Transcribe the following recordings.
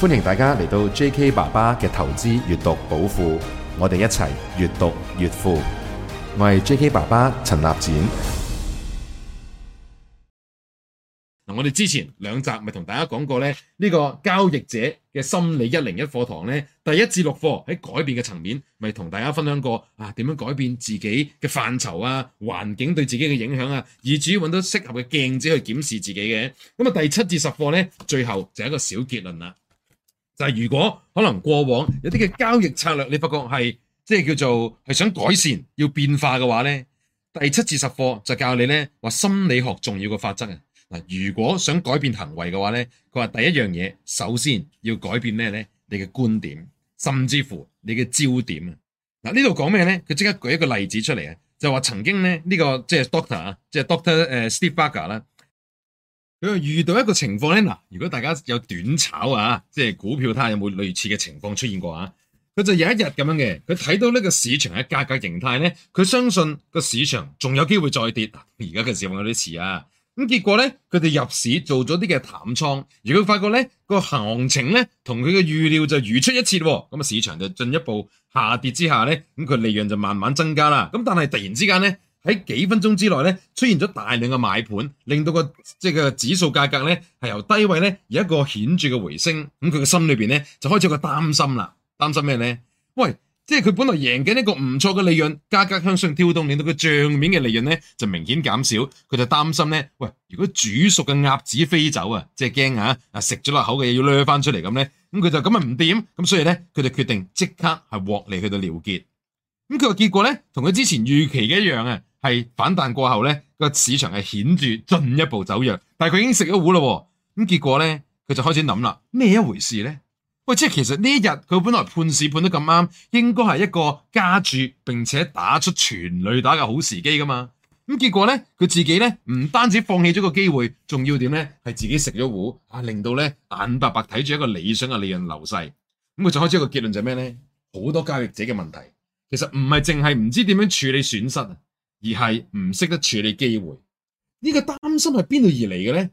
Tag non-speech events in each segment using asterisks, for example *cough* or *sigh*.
歡迎大家嚟到 J.K. 爸爸嘅投資閱讀寶庫，我哋一齊越讀越富。我係 J.K. 爸爸陳立展。啊、我哋之前兩集咪同大家講過咧，呢、呢個交易者嘅心理一零一課堂呢，第一至六課喺改變嘅層面，咪同大家分享過啊，點樣改變自己嘅範疇啊，環境對自己嘅影響啊，以至於揾到適合嘅鏡子去檢視自己嘅。咁啊，第七至十課呢，最後就係一個小結論啦。但係如果可能過往有啲嘅交易策略，你發覺係即係叫做係想改善要變化嘅話咧，第七至十課就教你咧話心理學重要嘅法則啊嗱，如果想改變行為嘅話咧，佢話第一樣嘢首先要改變咩咧？你嘅觀點，甚至乎你嘅焦點啊嗱，講呢度講咩咧？佢即刻舉一個例子出嚟啊，就話曾經咧、這、呢個即係 Doctor 啊，即係 Doctor 誒 Steve Barker 啦。佢遇到一個情況咧，嗱，如果大家有短炒啊，即係股票，睇下有冇類似嘅情況出現過啊？佢就有一日咁樣嘅，佢睇到呢個市場嘅價格形態咧，佢相信個市場仲有機會再跌。而家嘅時候有啲遲啊，咁結果咧，佢哋入市做咗啲嘅淡倉，而佢發覺咧個行情咧同佢嘅預料就如出一轍，咁啊市場就進一步下跌之下咧，咁佢利潤就慢慢增加啦。咁但係突然之間咧。喺幾分鐘之內咧，出現咗大量嘅買盤，令到個即係個指數價格咧係由低位咧有一個顯著嘅回升。咁佢嘅心裏邊咧就開始有個擔心啦。擔心咩咧？喂，即係佢本來贏緊一個唔錯嘅利潤，價格向上跳動，令到個帳面嘅利潤咧就明顯減少。佢就擔心咧，喂，如果煮熟嘅鴨子飛走啊，即係驚嚇啊！食咗落口嘅嘢要掠翻出嚟咁咧，咁佢就咁啊唔掂。咁所以咧，佢就決定即刻係獲利去到了結。咁佢個結果咧，同佢之前預期嘅一樣啊！係反彈過後咧，個市場係顯著進一步走弱。但係佢已經食咗糊啦，咁結果咧，佢就開始諗啦，咩一回事咧？喂，即係其實呢一日佢本來判事判得咁啱，應該係一個加注並且打出全壘打嘅好時機㗎嘛。咁結果咧，佢自己咧唔單止放棄咗個機會，仲要點咧？係自己食咗糊啊，令到咧眼白白睇住一個理想嘅利潤流逝。咁佢就開始一個結論就係咩咧？好多交易者嘅問題其實唔係淨係唔知點樣處理損失啊！而係唔識得處理機會，呢、這個擔心係邊度而嚟嘅咧？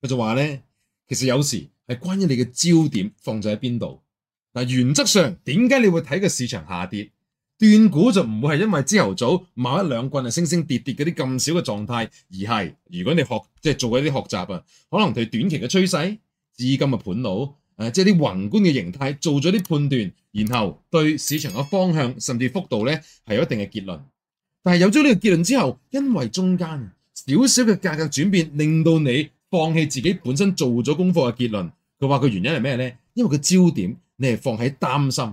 佢就話咧，其實有時係關於你嘅焦點放咗喺邊度。嗱，原則上點解你會睇個市場下跌斷估就唔會係因為朝頭早某一兩棍啊升升跌跌嗰啲咁少嘅狀態，而係如果你學即係、就是、做一啲學習啊，可能對短期嘅趨勢、資金嘅盤佬誒，即係啲宏觀嘅形態做咗啲判斷，然後對市場嘅方向甚至幅度咧係有一定嘅結論。但係有咗呢個結論之後，因為中間少少嘅價格轉變，令到你放棄自己本身做咗功課嘅結論。佢話個原因係咩呢？因為個焦點你係放喺擔心、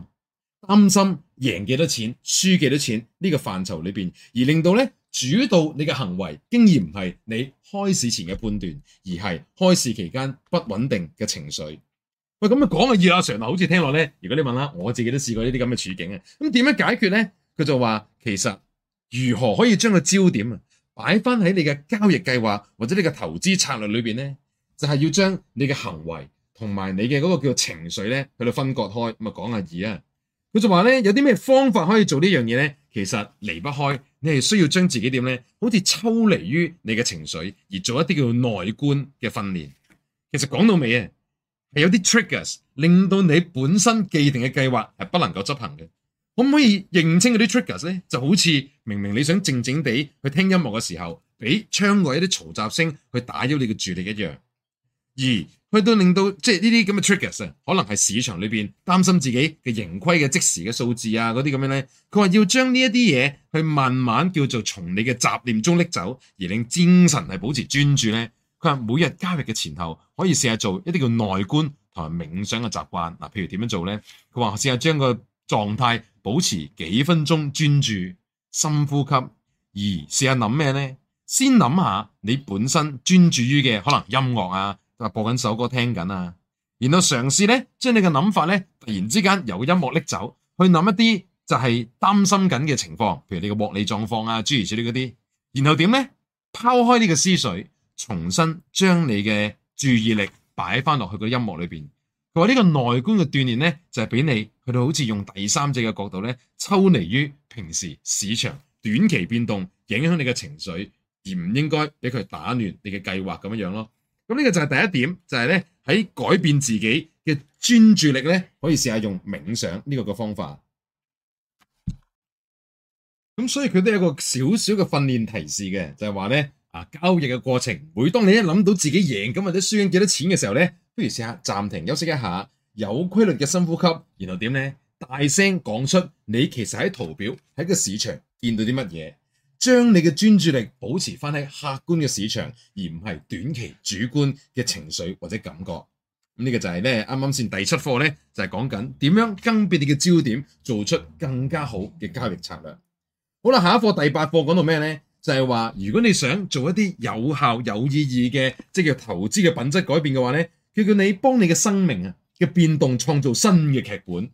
擔心贏幾多錢、輸幾多錢呢個範疇裏邊，而令到呢主導你嘅行為，經已唔係你開市前嘅判斷，而係開市期間不穩定嘅情緒。喂，咁啊講啊，Elijah，好似聽落呢：如果你問下我自己都試過呢啲咁嘅處境啊。咁點樣解決呢？佢就話其實。如何可以將個焦點啊擺翻喺你嘅交易計劃或者你嘅投資策略裏邊咧？就係要將你嘅行為同埋你嘅嗰個叫做情緒咧，去到分割開。咁啊講下二啊，佢就話咧有啲咩方法可以做呢樣嘢咧？其實離不開你係需要將自己點咧，好似抽離於你嘅情緒而做一啲叫做內觀嘅訓練。其實講到尾啊，係有啲 triggers 令到你本身既定嘅計劃係不能夠執行嘅。可唔可以認清嗰啲 triggers 咧？就好似明明你想靜靜地去聽音樂嘅時候，俾窗外一啲嘈雜聲去打擾你嘅注意力一樣。而去到令到即係呢啲咁嘅 triggers 啊，可能係市場裏邊擔心自己嘅盈虧嘅即時嘅數字啊嗰啲咁樣咧。佢話要將呢一啲嘢去慢慢叫做從你嘅雜念中拎走，而令精神係保持專注咧。佢話每日交易嘅前後可以試下做一啲叫內觀同埋冥想嘅習慣。嗱，啊，譬如點樣做咧？佢話試下將個狀態。保持幾分鐘專注、深呼吸，而試下諗咩咧？先諗下你本身專注於嘅，可能音樂啊，播緊首歌聽緊啊，然後嘗試咧將你嘅諗法咧突然之間由音樂拎走，去諗一啲就係擔心緊嘅情況，譬如你嘅獲利狀況啊，諸如此類嗰啲。然後點咧？拋開呢個思緒，重新將你嘅注意力擺翻落去個音樂裏邊。佢話呢個內觀嘅鍛煉咧，就係、是、俾你。佢哋好似用第三者嘅角度咧，抽離於平時市場短期變動，影響你嘅情緒，而唔應該俾佢打亂你嘅計劃咁樣樣咯。咁呢個就係第一點，就係咧喺改變自己嘅專注力咧，可以試下用冥想呢個嘅方法。咁所以佢都有個少少嘅訓練提示嘅，就係話咧啊，交易嘅過程，每當你一諗到自己贏咁或者輸緊幾多錢嘅時候咧，不如試下暫停休息一下。有規律嘅深呼吸，然後點呢？大聲講出你其實喺圖表喺個市場見到啲乜嘢，將你嘅專注力保持翻喺客觀嘅市場，而唔係短期主觀嘅情緒或者感覺。呢、嗯這個就係呢，啱啱先第七課呢，就係、是、講緊點樣更別你嘅焦點，做出更加好嘅交易策略。好啦，下一課第八課講到咩呢？就係、是、話如果你想做一啲有效有意義嘅，即係叫投資嘅品質改變嘅話呢，佢叫你幫你嘅生命啊！嘅變動創造新嘅劇本，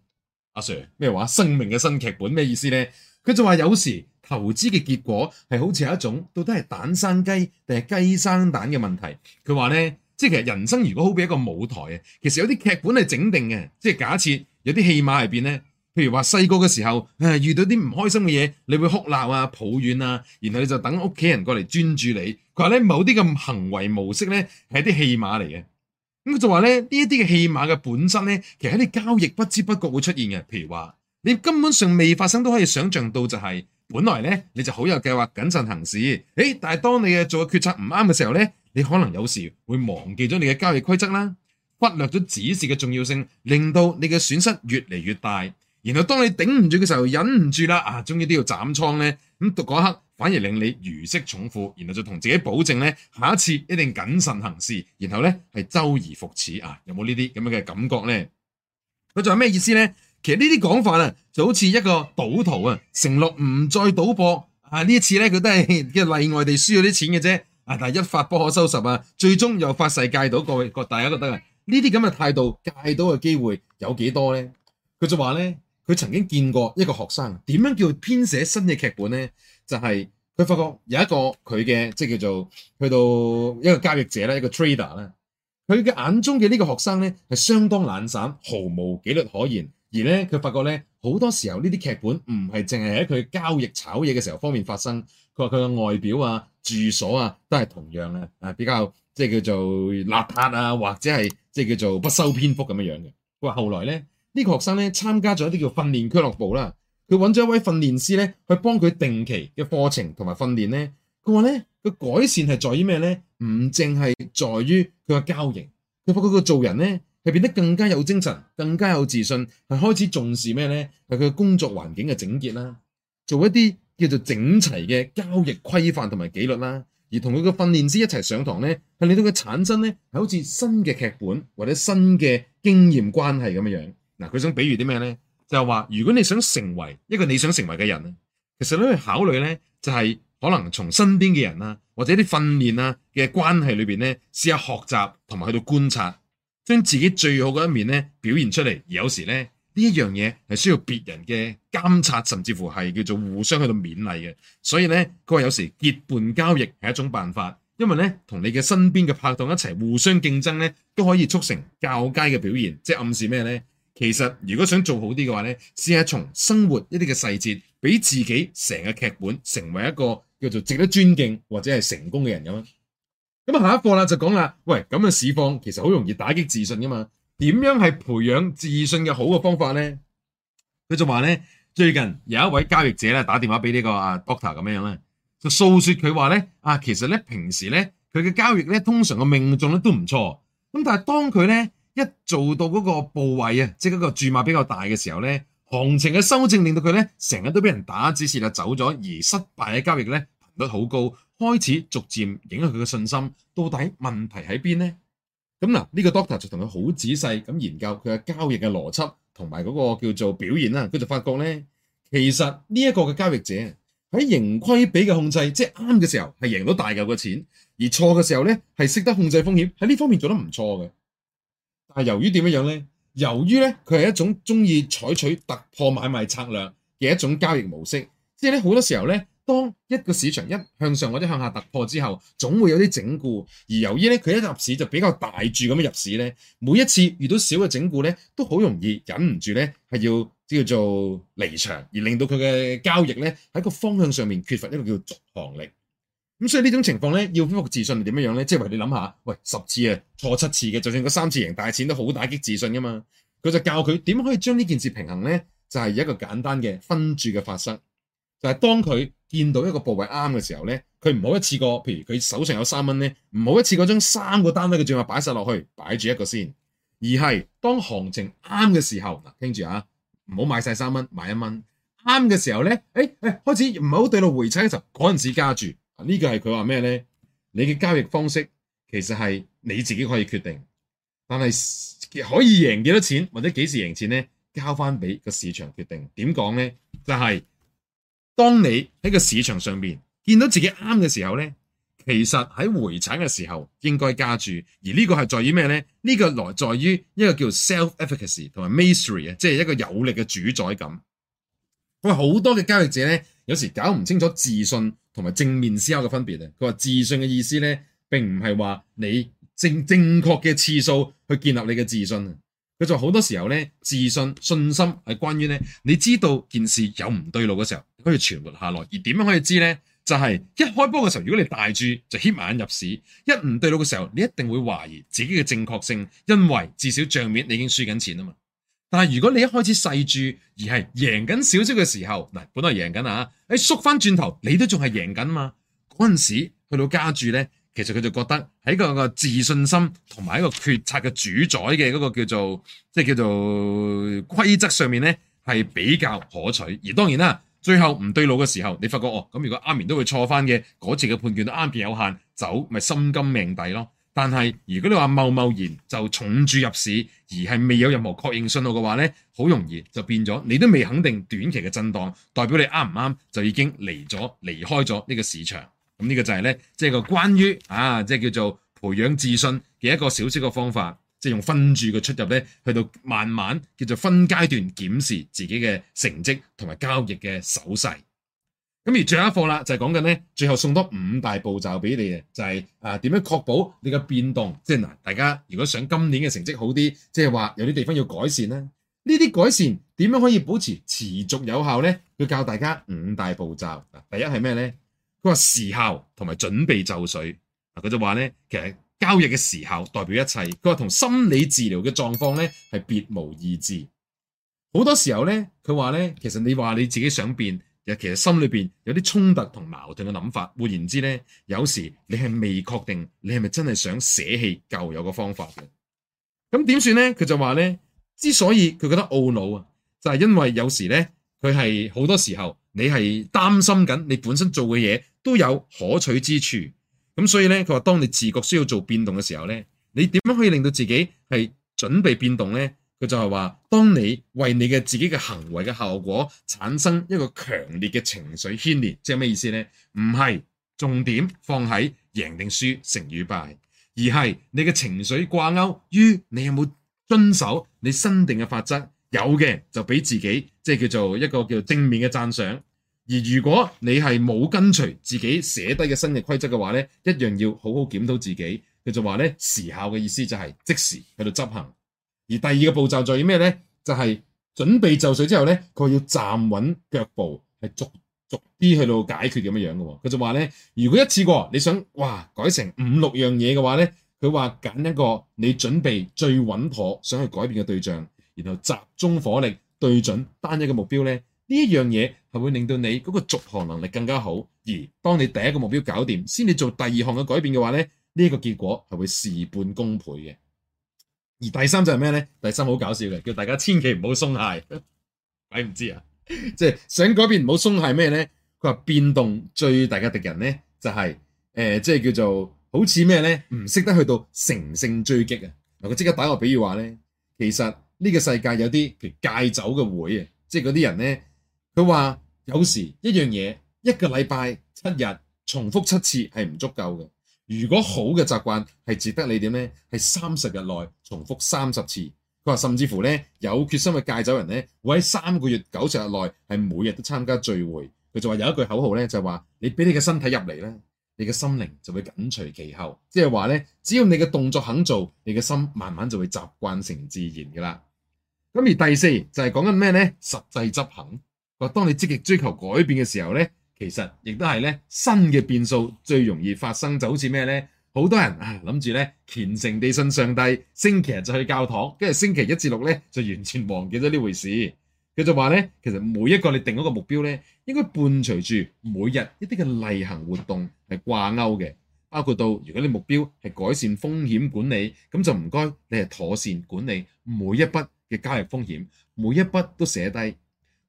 阿 Sir 咩話？生命嘅新劇本咩意思呢？佢就話有時投資嘅結果係好似係一種到底係蛋生雞定係雞生蛋嘅問題。佢話呢，即係其實人生如果好比一個舞台啊，其實有啲劇本係整定嘅，即係假設有啲戲碼入邊呢。譬如話細個嘅時候啊，遇到啲唔開心嘅嘢，你會哭鬧啊、抱怨啊，然後你就等屋企人過嚟專注你。佢話咧，某啲咁行為模式呢，係啲戲碼嚟嘅。咁就話咧，呢一啲嘅戲碼嘅本質咧，其實喺你交易不知不覺會出現嘅。譬如話，你根本上未發生都可以想象到，就是，就係本來咧你就好有計劃、謹慎行事。誒，但係當你嘅做嘅決策唔啱嘅時候咧，你可能有時會忘記咗你嘅交易規則啦，忽略咗指示嘅重要性，令到你嘅損失越嚟越大。然後當你頂唔住嘅時候，忍唔住啦啊，終於都要斬倉咧。咁到嗰刻。反而令你如釋重負，然後就同自己保證咧，下一次一定謹慎行事，然後咧係周而復始啊！有冇呢啲咁樣嘅感覺咧？佢仲有咩意思咧？其實呢啲講法啊，就好似一個賭徒啊，承諾唔再賭博啊，呢一次咧佢都係即係例外地輸咗啲錢嘅啫啊！但係一發不可收拾啊，最終又發誓戒到各位個大家都得啊，呢啲咁嘅態度戒到嘅機會有幾多咧？佢就話咧，佢曾經見過一個學生點樣叫佢編寫新嘅劇本咧？就係佢發覺有一個佢嘅即係叫做去到一個交易者咧，一個 trader 咧，佢嘅眼中嘅呢個學生咧係相當懶散，毫無紀律可言。而咧佢發覺咧好多時候呢啲劇本唔係淨係喺佢交易炒嘢嘅時候方面發生。佢話佢嘅外表啊、住所啊都係同樣嘅，啊比較即係叫做邋遢啊，或者係即係叫做不修邊幅咁樣樣嘅。佢話後來咧呢，呢個學生咧參加咗一啲叫訓練俱樂部啦。佢揾咗一位訓練師咧，去幫佢定期嘅課程同埋訓練咧。佢話咧，個改善係在於咩咧？唔淨係在於佢嘅交易，佢發覺佢做人咧係變得更加有精神、更加有自信，係開始重視咩咧？係佢嘅工作環境嘅整潔啦，做一啲叫做整齊嘅交易規範同埋紀律啦，而同佢嘅訓練師一齊上堂咧，係令到佢產生咧係好似新嘅劇本或者新嘅經驗關係咁嘅樣。嗱，佢想比喻啲咩咧？就係話，如果你想成為一個你想成為嘅人咧，其實你去考慮咧，就係可能從身邊嘅人啦，或者啲訓練啊嘅關係裏邊咧，試下學習同埋去到觀察，將自己最好嘅一面咧表現出嚟。而有時咧呢一樣嘢係需要別人嘅監察，甚至乎係叫做互相去到勉勵嘅。所以咧，佢話有時結伴交易係一種辦法，因為咧同你嘅身邊嘅拍檔一齊互相競爭咧，都可以促成較佳嘅表現。即係暗示咩咧？其實如果想做好啲嘅話咧，試下從生活一啲嘅細節，俾自己成個劇本成為一個叫做值得尊敬或者係成功嘅人咁啊。咁、嗯、下一課啦就講啦，喂，咁嘅市況其實好容易打擊自信噶嘛。點樣係培養自信嘅好嘅方法咧？佢就話咧，最近有一位交易者咧打電話俾呢個阿 Doctor 咁樣樣咧， *laughs* 就訴說佢話咧，啊，其實咧平時咧佢嘅交易咧通常個命中咧都唔錯，咁但係當佢咧。一做到嗰個部位啊，即係嗰個注碼比較大嘅時候咧，行情嘅修正令到佢咧成日都俾人打指示就走咗，而失敗嘅交易咧頻率好高，開始逐漸影響佢嘅信心。到底問題喺邊呢？咁嗱、嗯、呢、這個 doctor 就同佢好仔細咁研究佢嘅交易嘅邏輯同埋嗰個叫做表現啦。佢就發覺咧，其實呢一個嘅交易者喺盈虧比嘅控制，即係啱嘅時候係贏到大嚿嘅錢，而錯嘅時候咧係識得控制風險，喺呢方面做得唔錯嘅。但由於點樣樣咧？由於咧佢係一種中意採取突破買賣策略嘅一種交易模式，即係咧好多時候咧，當一個市場一向上或者向下突破之後，總會有啲整固。而由於咧佢一入市就比較大注咁樣入市咧，每一次遇到少嘅整固咧，都好容易忍唔住咧係要即叫做離場，而令到佢嘅交易咧喺個方向上面缺乏一個叫做續航力。咁、嗯、所以呢種情況咧，要恢復自信係點樣咧？即係話你諗下，喂，十次啊錯七次嘅，就算嗰三次贏大錢都好，打擊自信噶嘛。佢就教佢點可以將呢件事平衡咧，就係、是、一個簡單嘅分注嘅法則。就係、是、當佢見到一個部位啱嘅時候咧，佢唔好一次過，譬如佢手上有三蚊咧，唔好一次過將三個單位嘅注碼擺晒落去，擺住一個先。而係當行情啱嘅時候嗱，聽住啊，唔好買晒三蚊，買一蚊啱嘅時候咧，誒、欸、誒、欸，開始唔好對路回踩嘅時候，嗰陣時加住。個呢個係佢話咩咧？你嘅交易方式其實係你自己可以決定，但係可以贏幾多錢或者幾時贏錢咧？交翻俾個市場決定。點講咧？就係、是、當你喺個市場上邊見到自己啱嘅時候咧，其實喺回踩嘅時候應該加注。而個呢個係在於咩咧？呢、這個來在於一個叫 self-efficacy 同埋 mastery 啊，e、acy, ma istry, 即係一個有力嘅主宰感。因為好多嘅交易者咧，有時搞唔清楚自信。同埋正面思考嘅分別啊，佢話自信嘅意思咧，並唔係話你正正確嘅次數去建立你嘅自信。佢就好多時候咧，自信信心係關於咧，你知道件事有唔對路嘅時候，可以存活下來。而點樣可以知咧，就係一開波嘅時候，如果你大住，就掀埋眼入市，一唔對路嘅時候，你一定會懷疑自己嘅正確性，因為至少帳面你已經輸緊錢啊嘛。但係如果你一開始細注而係贏緊少少嘅時候，嗱，本來贏緊啊，吓，你縮翻轉頭你都仲係贏緊嘛？嗰陣時去到加注咧，其實佢就覺得喺個個自信心同埋一個決策嘅主宰嘅嗰個叫做即係、就是、叫做規則上面咧係比較可取。而當然啦，最後唔對路嘅時候，你發覺，哦，咁如果啱面都會錯翻嘅嗰次嘅判決都啱片有限，走咪心甘命抵咯。但係如果你話貿貿然就重注入市，而係未有任何確認信號嘅話呢，好容易就變咗。你都未肯定短期嘅震盪，代表你啱唔啱就已經離咗離開咗呢個市場。咁、嗯、呢、這個就係呢，即係個關於啊，即係叫做培養自信嘅一個小小嘅方法，即係用分注嘅出入呢，去到慢慢叫做分階段檢視自己嘅成績同埋交易嘅手勢。咁而最後一課啦，就係、是、講緊咧，最後送多五大步驟俾你嘅，就係啊點樣確保你嘅變動？即嗱，大家如果想今年嘅成績好啲，即係話有啲地方要改善咧，呢啲改善點樣可以保持持續有效咧？要教大家五大步驟。第一係咩咧？佢話時效同埋準備就緒。嗱，佢就話咧，其實交易嘅時效代表一切。佢話同心理治療嘅狀況咧係別無二致。好多時候咧，佢話咧，其實你話你自己想變。其實心裏邊有啲衝突同矛盾嘅諗法，換言之呢，有時你係未確定你係咪真係想捨棄舊有嘅方法嘅，咁點算呢？佢就話呢：之所以佢覺得懊惱啊，就係因為有時呢，佢係好多時候你係擔心緊，你本身做嘅嘢，都有可取之處，咁所以呢，佢話當你自覺需要做變動嘅時候呢，你點樣可以令到自己係準備變動呢？佢就係話，當你為你嘅自己嘅行為嘅效果產生一個強烈嘅情緒牽連，即係咩意思咧？唔係重點放喺贏定輸、成與敗，而係你嘅情緒掛鈎於你有冇遵守你新定嘅法則。有嘅就俾自己即係叫做一個叫做正面嘅讚賞。而如果你係冇跟隨自己寫低嘅新嘅規則嘅話咧，一樣要好好檢討自己。佢就話咧，時效嘅意思就係即時喺度執行。而第二個步驟就係咩呢？就係、是、準備就緒之後呢，佢要站穩腳步，係逐逐啲去到解決咁樣樣嘅喎。佢就話呢：「如果一次過你想哇改成五六樣嘢嘅話呢，佢話揀一個你準備最穩妥想去改變嘅對象，然後集中火力對準單一嘅目標呢。呢一樣嘢係會令到你嗰個續航能力更加好。而當你第一個目標搞掂，先至做第二項嘅改變嘅話呢，呢、這、一個結果係會事半功倍嘅。而第三就係咩咧？第三好搞笑嘅，叫大家千祈唔好鬆懈，唉，唔知道啊！即 *laughs* 係想改變，唔好鬆懈咩咧？佢話變動最大嘅敵人咧，就係、是、誒，即、呃、係、就是、叫做好似咩咧？唔識得去到乘勝追擊啊！嗱，佢即刻打個比喻話咧，其實呢個世界有啲譬如戒酒嘅會啊，即係嗰啲人咧，佢話有時一樣嘢一個禮拜七日重複七次係唔足夠嘅。如果好嘅習慣係值得你點咧，係三十日內重複三十次。佢話甚至乎咧有決心嘅戒酒人咧，會喺三個月九十日內係每日都參加聚會。佢就話有一句口號咧，就係話你俾你嘅身體入嚟咧，你嘅心靈就會緊隨其後。即係話咧，只要你嘅動作肯做，你嘅心慢慢就會習慣成自然㗎啦。咁而第四就係講緊咩呢？實際執行。話當你積極追求改變嘅時候呢。其實亦都係新嘅變數最容易發生就好似咩呢？好多人啊諗住虔誠地信上帝，星期日就去教堂，跟住星期一至六呢就完全忘記咗呢回事。佢就話呢，其實每一個你定一個目標呢，應該伴隨住每日一啲嘅例行活動係掛鈎嘅，包括到如果你目標係改善風險管理，咁就唔該你係妥善管理每一筆嘅交易風險，每一筆都寫低。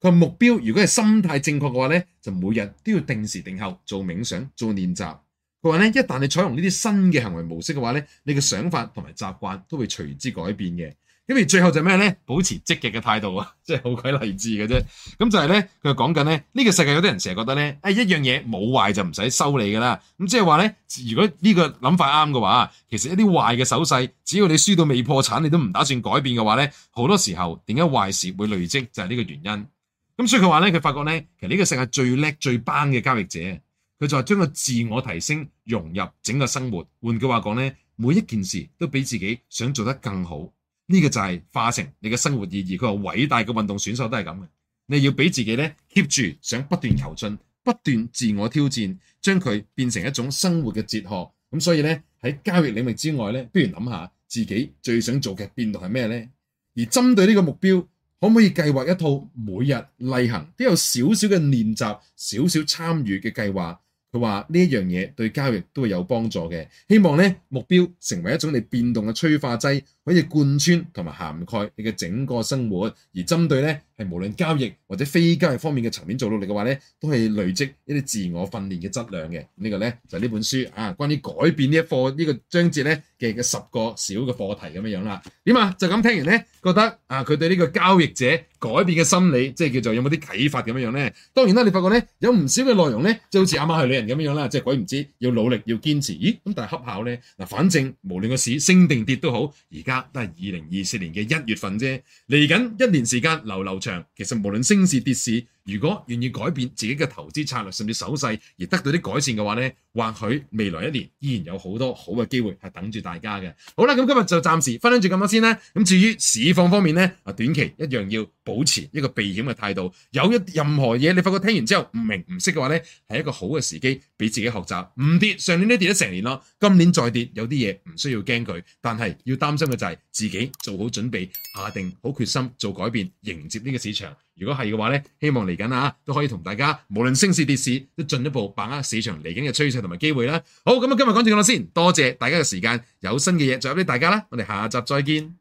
佢話目標，如果係心態正確嘅話咧，就每日都要定時定候做冥想、做練習。佢話咧，一旦你採用呢啲新嘅行為模式嘅話咧，你嘅想法同埋習慣都會隨之改變嘅。跟住最後就係咩咧？保持積極嘅態度啊，真係好鬼勵志嘅啫。咁就係咧，佢講緊咧，呢個世界有啲人成日覺得咧，誒一樣嘢冇壞就唔使修理㗎啦。咁即係話咧，如果呢個諗法啱嘅話，其實一啲壞嘅手勢，只要你輸到未破產，你都唔打算改變嘅話咧，好多時候點解壞事會累積就係呢個原因。咁所以佢話咧，佢發覺咧，其實呢個世界最叻最班嘅交易者，佢就係將個自我提升融入整個生活。換句話講咧，每一件事都比自己想做得更好。呢個就係化成你嘅生活意義。佢話偉大嘅運動選手都係咁嘅，你要俾自己咧 keep 住想不斷求進、不斷自我挑戰，將佢變成一種生活嘅哲學。咁所以咧，喺交易領域之外咧，不如諗下自己最想做嘅變動係咩咧？而針對呢個目標。可唔可以計劃一套每日例行都有少少嘅練習、少少參與嘅計劃？佢話呢一樣嘢對交易都會有幫助嘅。希望呢目標成為一種你變動嘅催化劑，可以貫穿同埋涵蓋你嘅整個生活，而針對呢，係無論交易或者非交易方面嘅層面做努力嘅話咧，都係累積一啲自我訓練嘅質量嘅。這個、呢個咧就呢、是、本書啊，關於改變呢一課呢、這個章節咧嘅嘅十個小嘅課題咁樣樣啦。點啊？就咁聽完咧，覺得啊，佢對呢個交易者改變嘅心理，即係叫做有冇啲啟發咁樣樣咧？當然啦，你發覺咧有唔少嘅內容咧，就好似阿媽係女人咁樣樣啦，即係鬼唔知要努力要堅持。咦，咁但係恰巧咧嗱，反正無論個市升定跌都好，而家都係二零二四年嘅一月份啫，嚟緊一年時間，年時間流流長。其實無論升市跌市。如果願意改變自己嘅投資策略甚至手勢而得到啲改善嘅話呢，或許未來一年依然有好多好嘅機會係等住大家嘅。好啦，咁今日就暫時分享住咁多先啦。咁至於市況方面呢，啊短期一樣要保持一個避險嘅態度。有一任何嘢你發覺聽完之後唔明唔識嘅話呢，係一個好嘅時機俾自己學習。唔跌，上年都跌咗成年啦，今年再跌，有啲嘢唔需要驚佢，但係要擔心嘅就係自己做好準備，下定好決心做改變，迎接呢個市場。如果係嘅話咧，希望嚟緊都可以同大家無論升市跌市，都進一步把握市場嚟緊嘅趨勢同埋機會啦。好，咁啊，今日講住咁多先，多謝大家嘅時間。有新嘅嘢再 update 大家啦，我哋下集再見。